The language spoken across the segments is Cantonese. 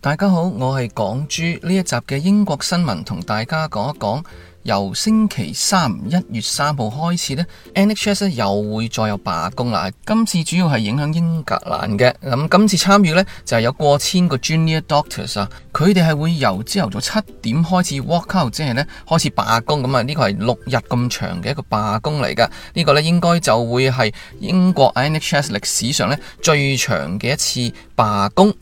大家好，我係港豬，呢一集嘅英國新聞，同大家講一講。由星期三一月三號開始呢，NHS 又會再有罷工啦。今次主要係影響英格蘭嘅，咁今次參與呢，就係、是、有過千個 Junior Doctors 啊，佢哋係會由朝頭早七點開始 walk out，即係呢開始罷工。咁啊，呢個係六日咁長嘅一個罷工嚟噶。呢、這個呢應該就會係英國 NHS 歷史上呢最長嘅一次罷工。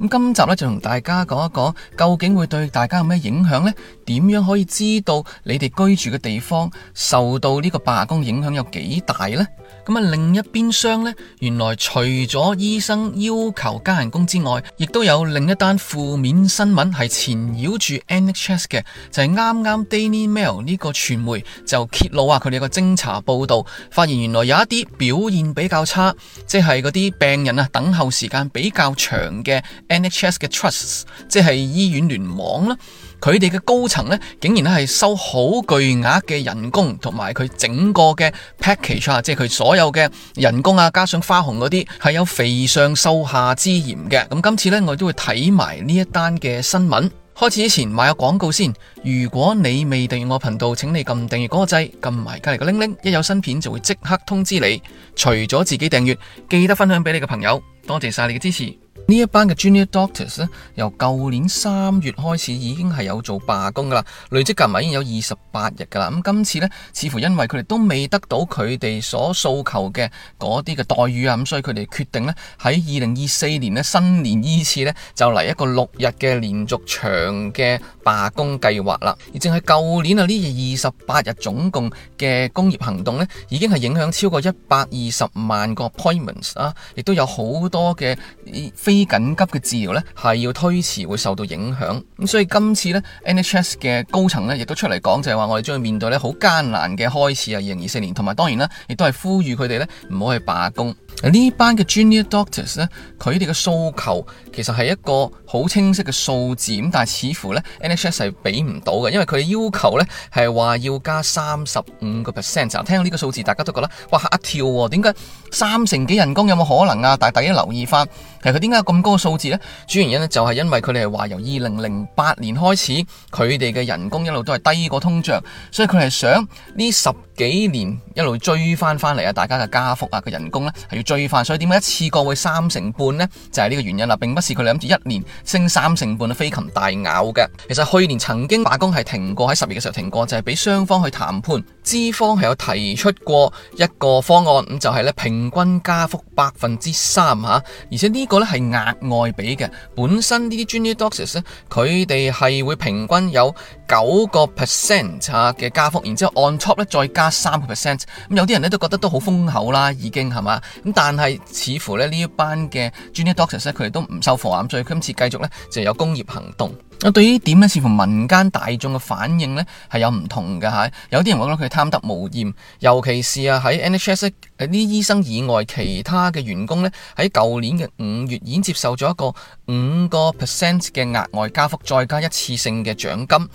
咁今集咧就同大家講一講，究竟會對大家有咩影響呢？點樣可以知道你哋居住嘅地方受到呢個罷工影響有幾大呢？咁啊，另一邊廂呢，原來除咗醫生要求加人工之外，亦都有另一單負面新聞係纏繞住 NHS 嘅，就係啱啱 Daily Mail 呢個傳媒就揭露啊，佢哋個偵查報道發現原來有一啲表現比較差，即係嗰啲病人啊，等候時間比較長嘅 NHS 嘅 Trust，s 即係醫院聯網啦。佢哋嘅高層呢，竟然係係，收好巨額嘅人工，同埋佢整個嘅 package 啊，即係佢所有嘅人工啊，加上花紅嗰啲，係有肥上瘦下之嫌嘅。咁今次呢，我都會睇埋呢一單嘅新聞。開始之前買個廣告先。如果你未訂閱我頻道，請你撳訂閱嗰個掣，撳埋隔籬嘅鈴鈴，一有新片就會即刻通知你。除咗自己訂閱，記得分享俾你嘅朋友。多謝晒你嘅支持。呢一班嘅 Junior Doctors 咧，由舊年三月開始已經係有做罷工噶啦，累積夾埋已經有二十八日噶啦。咁今次咧，似乎因為佢哋都未得到佢哋所訴求嘅嗰啲嘅待遇啊，咁所以佢哋決定咧喺二零二四年呢新年依次咧，就嚟一個六日嘅連續長嘅罷工計劃啦。而正係舊年啊，呢嘢二十八日總共嘅工業行動咧，已經係影響超過一百二十萬個 appointments 啊，亦都有好多嘅非非緊急嘅治療呢係要推遲，會受到影響。咁所以今次呢，NHS 嘅高層呢亦都出嚟講，就係話我哋將要面對呢好艱難嘅開始啊！二零二四年，同埋當然啦，亦都係呼籲佢哋呢唔好去罷工。呢班嘅 Junior Doctors 呢，佢哋嘅訴求其實係一個。好清晰嘅數字，咁但係似乎呢 NHS 係俾唔到嘅，因為佢要求呢係話要加三十五個 percent。嗱，聽到呢個數字，大家都覺得哇，嚇一跳喎，點解三成幾人工，有冇可能啊？但大家留意翻，其實佢點解有咁高嘅數字呢？主要原因呢就係因為佢哋係話由二零零八年開始，佢哋嘅人工一路都係低過通脹，所以佢係想呢十。幾年一路追翻翻嚟啊，大家嘅加幅啊，個人工呢係要追翻，所以點解一次過會三成半呢？就係、是、呢個原因啦。並不是佢哋諗住一年升三成半啊，飛禽大咬嘅。其實去年曾經罷工係停過，喺十月嘅時候停過，就係、是、俾雙方去談判，資方係有提出過一個方案，咁就係、是、呢平均加幅百分之三，而且呢個呢係額外俾嘅。本身呢啲 junior doctors 呢，佢哋係會平均有九個 percent 嘅加幅，然之後 on top 再加。加三個 percent，咁有啲人咧都覺得都好豐厚啦，已經係嘛？咁但係似乎咧呢一班嘅專業 doctor 咧，佢哋都唔收貨，所以今次繼續咧就有工業行動。對於呢點咧，似乎民間大眾嘅反應呢，係有唔同嘅，有啲人話覺得佢貪得無厭，尤其是啊喺 NHS 呢啲醫生以外，其他嘅員工呢，喺舊年嘅五月已經接受咗一個五個 percent 嘅額外加幅，再加一次性嘅獎金。咁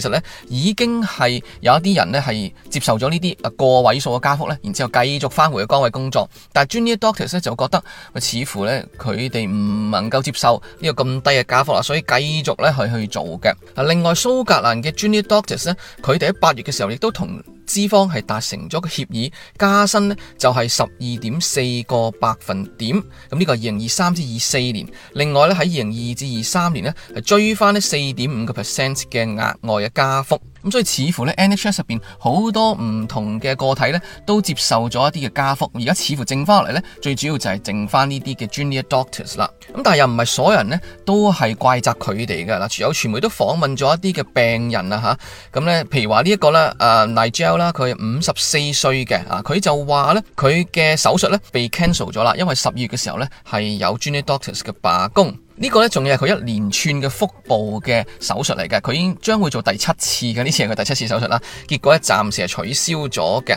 其實呢，已經係有一啲人呢係接受咗呢啲啊個位數嘅加幅呢，然之後繼續返回去崗位工作。但係 Junior Doctors 呢，就覺得，似乎呢，佢哋唔能夠接受呢個咁低嘅加幅啦，所以繼續呢去。去做嘅。啊，另外蘇格蘭嘅 junior doctors 咧，佢哋喺八月嘅時候亦都同。資方係達成咗個協議，加薪呢就係十二點四個百分點。咁呢個係二零二三至二四年。另外咧喺二零二至二三年呢，係追翻呢四點五個 percent 嘅額外嘅加幅。咁所以似乎呢 NHS 入面好多唔同嘅個體呢，都接受咗一啲嘅加幅。而家似乎剩翻落嚟呢，最主要就係剩翻呢啲嘅 Junior Doctors 啦。咁但係又唔係所有人呢，都係怪責佢哋嘅嗱。有傳媒都訪問咗一啲嘅病人啊吓，咁呢，譬如話呢一個啦。呃 Nigel 啦，佢五十四歲嘅啊，佢就話咧，佢嘅手術咧被 cancel 咗啦，因為十二月嘅時候咧係有 junior doctors 嘅罷工，呢、呢個咧仲要係佢一連串嘅腹部嘅手術嚟嘅，佢已經將會做第七次嘅，呢次係佢第七次手術啦，結果咧暫時係取消咗嘅。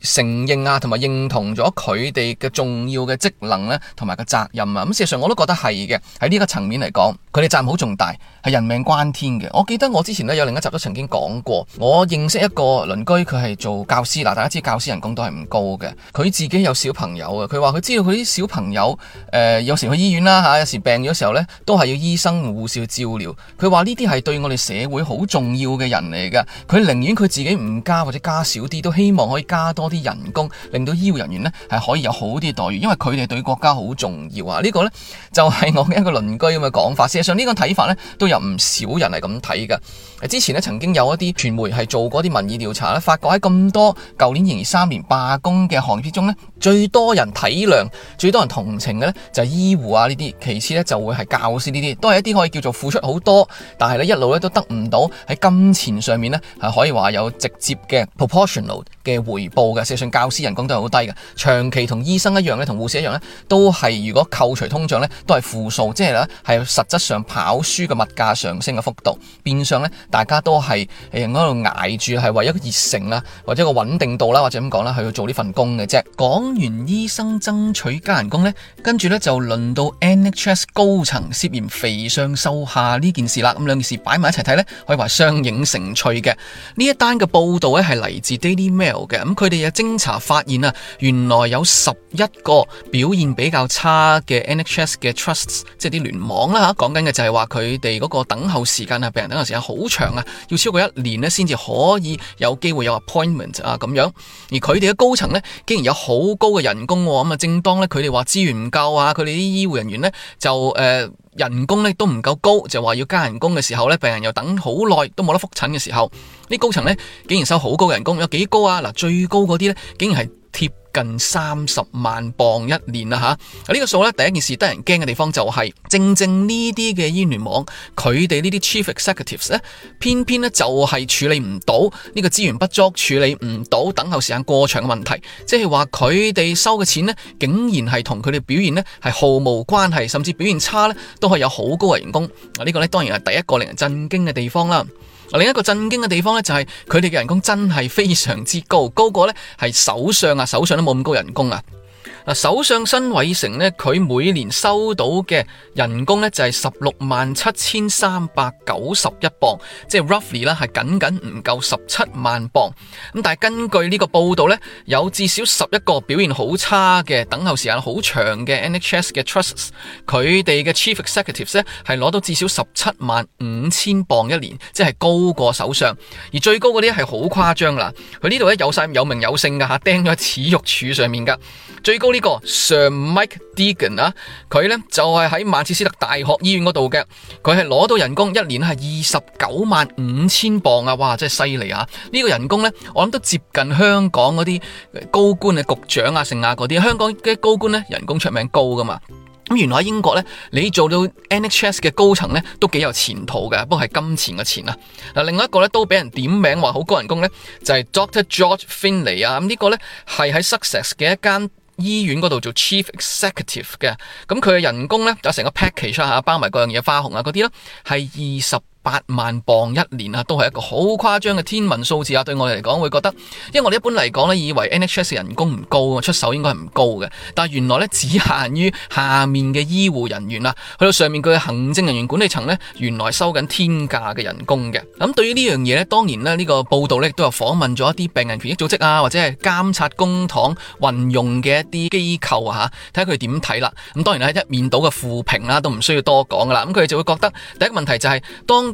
承認啊，同埋認同咗佢哋嘅重要嘅職能呢，同埋個責任啊，咁事實上我都覺得係嘅。喺呢個層面嚟講，佢哋責任好重大。係人命關天嘅。我記得我之前咧有另一集都曾經講過，我認識一個鄰居，佢係做教師。嗱，大家知教師人工都係唔高嘅。佢自己有小朋友啊，佢話佢知道佢啲小朋友，誒、呃、有時去醫院啦嚇，有時病咗時候呢都係要醫生護士去照料。佢話呢啲係對我哋社會好重要嘅人嚟㗎。佢寧願佢自己唔加或者加少啲，都希望可以加多啲人工，令到醫護人員呢係可以有好啲待遇，因為佢哋對國家好重要啊。呢、呢個呢就係、係、我嘅一個鄰居咁嘅講法。事實上呢個睇法呢，都有。唔少人係咁睇噶。之前呢曾經有一啲傳媒係做過啲民意調查咧，發覺喺咁多舊年二三年罷工嘅行業中呢，最多人體諒、最多人同情嘅呢就係醫護啊呢啲，其次呢就會係教師呢啲，都係一啲可以叫做付出好多，但係呢一路呢都得唔到喺金錢上面呢係可以話有直接嘅 proportional 嘅回報嘅，相信教師人工都係好低嘅，長期同醫生一樣咧，同護士一樣咧，都係如果扣除通脹呢都係負數，即係呢係實質上跑輸嘅物價上升嘅幅度，變相呢。大家都係誒度挨住，係為一個熱誠啦，或者一個穩定度啦，或者咁講啦去做呢份工嘅啫。講完醫生爭取加人工咧，跟住咧就輪到 NHS 高層涉嫌肥上瘦下呢件事啦。咁兩件事擺埋一齊睇咧，可以話相映成趣嘅。呢一單嘅報道咧係嚟自 Daily Mail 嘅。咁佢哋嘅偵查發現啊，原來有十一個表現比較差嘅 NHS 嘅 trusts，即係啲聯網啦吓。講緊嘅就係話佢哋嗰個等候時間啊，病人等候時間好長。要超過一年咧，先至可以有機會有 appointment 啊，咁樣。而佢哋嘅高層咧，竟然有好高嘅人工喎。咁啊，正當咧，佢哋話資源唔夠啊，佢哋啲醫護人員呢，就、呃、誒，人工咧都唔夠高，就話要加人工嘅時候呢，病人又等好耐都冇得復診嘅時候，呢高層咧竟然收好高嘅人工，有幾高啊？嗱，最高嗰啲呢，竟然係貼近三十萬磅一年啦，吓、這、呢個數咧，第一件事得人驚嘅地方就係、是，正正呢啲嘅醫聯網，佢哋呢啲 chief executives 咧，偏偏呢就係處理唔到呢個資源不足、處理唔到等候時間過長嘅問題，即係話佢哋收嘅錢呢，竟然係同佢哋表現呢係毫無關係，甚至表現差呢，都可以有好高嘅人工，啊、這、呢個呢，當然係第一個令人震驚嘅地方啦。另一個震驚嘅地方呢，就係佢哋嘅人工真係非常之高，高過呢，係首相啊，首相都冇咁高人工啊！嗱，首相辛偉誠呢，佢每年收到嘅人工呢，就係十六萬七千三百九十一磅，即係 roughly 啦，係僅僅唔夠十七萬磅。咁但係根據呢個報道呢，有至少十一個表現好差嘅、等候時間好長嘅 NHS 嘅 trusts，佢哋嘅 chief executives 呢係攞到至少十七萬五千磅一年，即係高過首相。而最高嗰啲係好誇張啦，佢呢度呢，有晒有名有姓噶吓，釘咗恥辱柱上面噶，最高。這個、Sir Mike Deegan，他呢個 Sir Mike Deegan 啊，佢呢就係、是、喺曼徹斯特大學醫院嗰度嘅，佢係攞到人工一年係二十九萬五千鎊啊哇，真係犀利啊！呢、這個人工呢，我諗都接近香港嗰啲高官嘅局長啊，剩啊嗰啲香港嘅高官呢，人工出名高噶嘛。咁原來喺英國呢，你做到 NHS 嘅高層呢，都幾有前途嘅，不過係金錢嘅錢啊。嗱，另外一個呢，都俾人點名話好高人工呢，就係、是、Dr George Finley 啊。咁呢個呢，係喺 Success 嘅一間醫院嗰度做 chief executive 嘅，咁佢嘅人工呢，就成個 package 出吓，包埋各樣嘢、花紅啊嗰啲咧，係二十八萬鎊一年啊，都係一個好誇張嘅天文數字啊！對我嚟講會覺得，因為我哋一般嚟講咧，以為 NHS 人工唔高啊，出手應該係唔高嘅。但係原來咧，只限於下面嘅醫護人員啦，去到上面佢嘅行政人員、管理層呢，原來收緊天價嘅人工嘅。咁對於呢樣嘢呢，當然呢，呢、呢個報道呢，亦都有訪問咗一啲病人權益組織啊，或者係監察公帑運用嘅一啲機構啊嚇，睇下佢點睇啦。咁、啊、當然喺一面倒嘅負評啦，都唔需要多講噶啦。咁佢哋就會覺得第一個問題就係、是、當。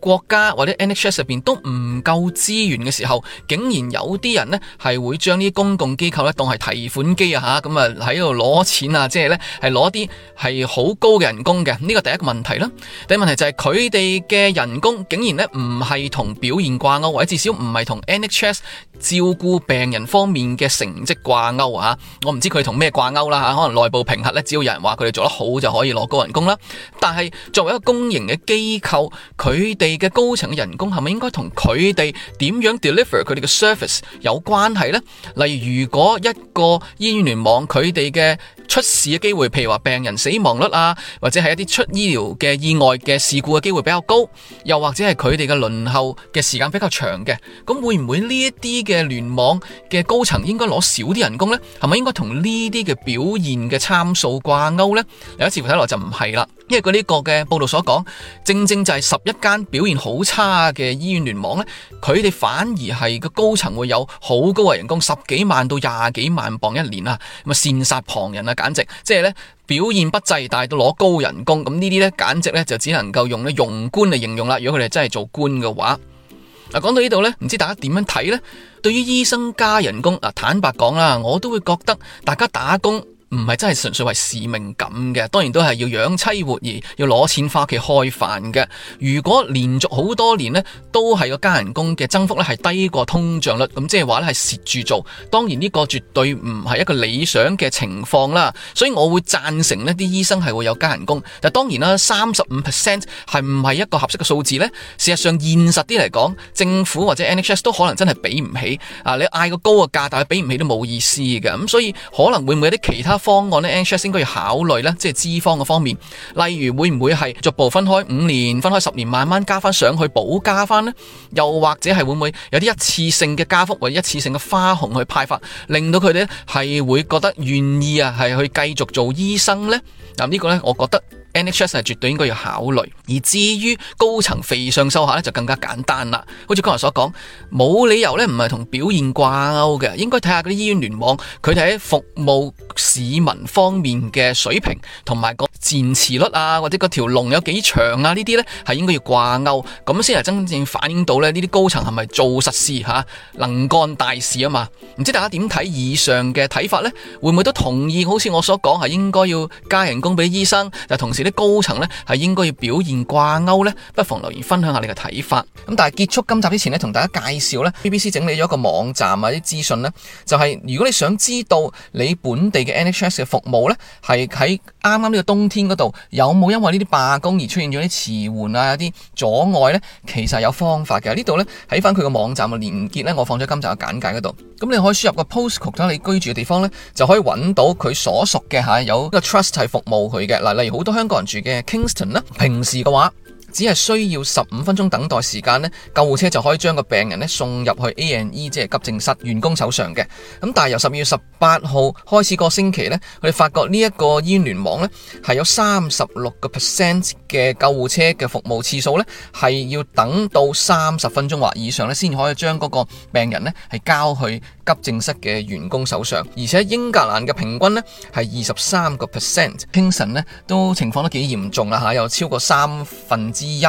國家或者 NHS 入面都唔夠資源嘅時候，竟然有啲人呢係會將呢啲公共機構呢當係提款機啊！吓咁啊喺度攞錢啊，即係呢係攞啲係好高嘅人工嘅，呢個第一個問題啦。第一個問題就係佢哋嘅人工竟然呢唔係同表現掛鈎，或者至少唔係同 NHS 照顧病人方面嘅成績掛鈎啊！我唔知佢同咩掛鈎啦吓，可能內部評核呢，只要有人話佢哋做得好就可以攞高人工啦。但係作為一個公營嘅機構，佢哋哋嘅高層嘅人工係咪應該同佢哋點樣 deliver 佢哋嘅 service 有關係咧？例如，如果一個醫院聯網，佢哋嘅出事嘅機會，譬如話病人死亡率啊，或者係一啲出醫療嘅意外嘅事故嘅機會比較高，又或者係佢哋嘅輪候嘅時間比較長嘅，咁會唔會呢一啲嘅聯網嘅高層應該攞少啲人工咧？係咪應該同呢啲嘅表現嘅參數掛鈎咧？而家似乎睇落就唔係啦。因為佢呢個嘅報道所講，正正就係十一間表現好差嘅醫院聯網呢，佢哋反而係個高層會有好高嘅人工，十幾萬到廿幾萬磅一年啊，咁啊羨煞旁人啊，簡直即係呢表現不濟，但係都攞高人工，咁呢啲呢，簡直呢就只能夠用呢庸官嚟形容啦。如果佢哋真係做官嘅話，嗱講到呢度呢，唔知大家點樣睇呢？對於醫生加人工，嗱坦白講啦，我都會覺得大家打工。唔係真係純粹為使命感嘅，當然都係要養妻活兒，要攞錢翻屋企開飯嘅。如果連續好多年呢，都係個加人工嘅增幅呢係低過通脹率，咁即係話呢係蝕住做。當然呢個絕對唔係一個理想嘅情況啦，所以我會贊成呢啲醫生係會有加人工。但當然啦，三十五 percent 係唔係一個合適嘅數字呢？事實上現實啲嚟講，政府或者 NHS 都可能真係畀唔起。啊，你嗌個高嘅價，但係畀唔起都冇意思嘅。咁所以可能會唔會有啲其他？方案呢 NHS 應該要考慮呢，即係資方嘅方面，例如會唔會係逐步分開五年、分開十年，慢慢加翻上,上去，補加翻呢？又或者係會唔會有啲一次性嘅加幅或者一次性嘅花紅去派發，令到佢哋係會覺得願意啊，係去繼續做醫生呢？嗱，呢個呢，我覺得。NHS 係絕對應該要考慮，而至於高層肥上瘦下呢，就更加簡單啦。好似剛才所講，冇理由呢唔係同表現掛鈎嘅，應該睇下嗰啲醫院聯網，佢哋喺服務市民方面嘅水平，同埋個戰斢率啊，或者嗰條龍有幾長啊，呢啲呢係應該要掛鈎，咁先係真正反映到呢啲高層係咪做實事吓，能幹大事啊嘛？唔知大家點睇以上嘅睇法呢？會唔會都同意？好似我所講係應該要加人工俾醫生，就同時啲高層呢，係應該要表現掛鈎呢，不妨留言分享下你嘅睇法。咁但係結束今集之前呢，同大家介紹呢 BBC 整理咗一個網站啊，啲資訊呢，就係如果你想知道你本地嘅 NHS 嘅服務呢，係喺啱啱呢個冬天嗰度有冇因為呢啲罷工而出現咗啲遲緩啊、有啲阻礙呢，其實有方法嘅。呢度呢，喺翻佢個網站嘅連結呢，我放咗今集嘅簡介嗰度。咁你可以輸入個 postcode 喺你居住嘅地方呢，就可以揾到佢所屬嘅吓，有個 trust 係服務佢嘅嗱，例如好多香港。住嘅 Kingston 咧，平時嘅話只係需要十五分鐘等待時間咧，救護車就可以將個病人咧送入去 A&E 即係急症室員工手上嘅。咁但係由十二月十八號開始個星期咧，佢發覺呢一個醫院聯網咧係有三十六個 percent 嘅救護車嘅服務次數咧係要等到三十分鐘或以上咧先可以將嗰個病人咧係交去。急症室嘅員工手上，而且英格蘭嘅平均呢係二十三個 percent，精神呢都情況都幾嚴重啦嚇，有超過三分之一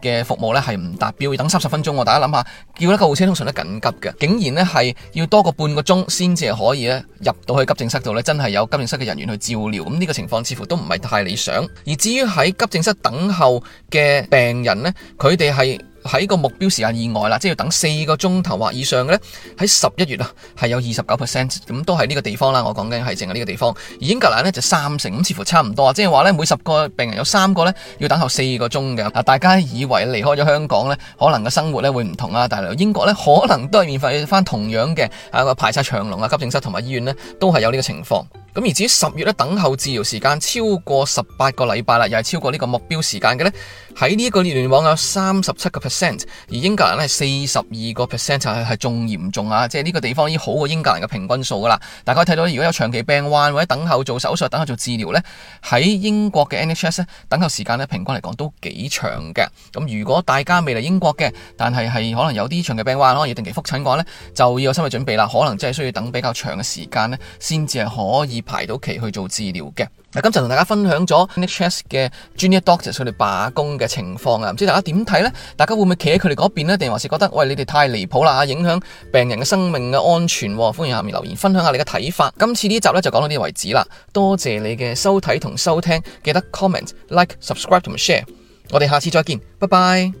嘅服務呢係唔達標，要等三十分鐘。大家諗下，叫一架豪車通常都緊急嘅，竟然呢係要多過半個鐘先至可以呢入到去急症室度呢，真係有急症室嘅人員去照料。咁、這、呢個情況似乎都唔係太理想。而至於喺急症室等候嘅病人呢，佢哋係。喺個目標時間以外啦，即係要等四個鐘頭或以上嘅呢。喺十一月啊，係有二十九 percent 咁，都係呢個地方啦。我講緊係淨係呢個地方，而英格蘭呢，就三成，咁似乎差唔多啊。即係話呢，每十個病人有三個呢，要等候四個鐘嘅。啊，大家以為離開咗香港呢，可能嘅生活呢會唔同啊？但係嚟到英國呢，可能都係免費翻同樣嘅啊，排曬長龍啊，急症室同埋醫院呢，都係有呢個情況。咁而至於十月咧，等候治療時間超過十八個禮拜啦，又係超過呢個目標時間嘅呢。喺呢一個聯網有三十七個 percent，而英格蘭呢四十二個 percent 就係仲嚴重啊！即係呢個地方已經好過英格蘭嘅平均數噶啦。大家可以睇到如果有長期病患或者等候做手術、等候做治療呢，喺英國嘅 NHS 等候時間呢，平均嚟講都幾長嘅。咁如果大家未嚟英國嘅，但係係可能有啲長期病患可以定期復診嘅話呢，就要有心理準備啦，可能真係需要等比較長嘅時間呢，先至係可以。排到期去做治療嘅，嗱，咁就同大家分享咗 NHS 嘅 Junior Doctors 佢哋罷工嘅情況啊，唔知大家點睇呢？大家會唔會企喺佢哋嗰邊咧？定還是覺得喂，你哋太離譜啦，影響病人嘅生命嘅安全，哦？歡迎下面留言分享下你嘅睇法。今次呢集呢就講到呢個為止啦，多謝你嘅收睇同收聽，記得 comment、like、subscribe 同 share，我哋下次再見，拜拜。